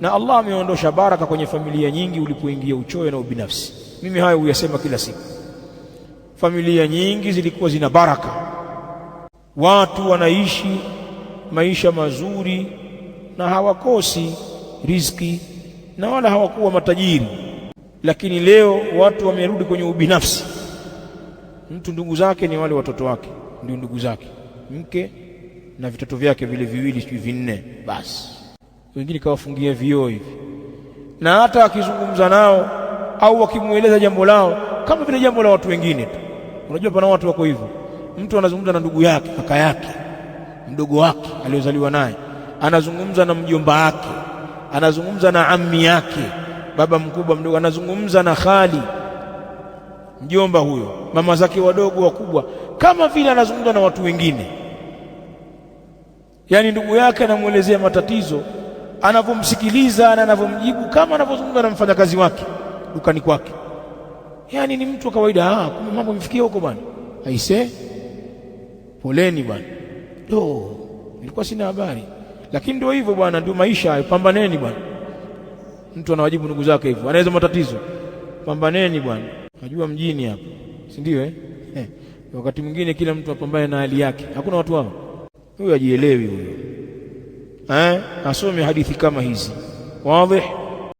na Allah ameondosha baraka kwenye familia nyingi ulipoingia uchoyo na ubinafsi. Mimi hayo huyasema kila siku. Familia nyingi zilikuwa zina baraka, watu wanaishi maisha mazuri na hawakosi riziki na wala hawakuwa matajiri, lakini leo watu wamerudi kwenye ubinafsi. Mtu ndugu zake ni wale watoto wake, ndio ndugu zake, mke na vitoto vyake vile viwili, sijui vinne, basi wengine kawafungia vioo hivi, na hata akizungumza nao au wakimweleza jambo lao kama vile jambo la watu wengine tu. Unajua, pana watu wako hivyo, mtu anazungumza na ndugu yake, kaka yake, mdogo wake aliyozaliwa naye, anazungumza na mjomba wake, anazungumza na ammi yake, baba mkubwa, mdogo, anazungumza na khali, mjomba huyo, mama zake wadogo, wakubwa, kama vile anazungumza na watu wengine. Yaani ndugu yake anamwelezea matatizo anavyomsikiliza na anavyomjibu kama anavyozungumza na mfanyakazi wake dukani kwake. Yaani ni mtu wa kawaida. Ah, kumbe mambo mfikia huko bwana. Aise, poleni bwana. Do, nilikuwa sina habari, lakini ndio hivyo bwana, ndio maisha hayo. Pambaneni bwana. Mtu anawajibu ndugu zake hivyo, anaweza matatizo. Pambaneni bwana, najua mjini hapo, si ndio eh? eh? Wakati mwingine kila mtu apambane na hali yake. Hakuna watu hao, huyo ajielewi huyo. eh, asome hadithi kama hizi wadhi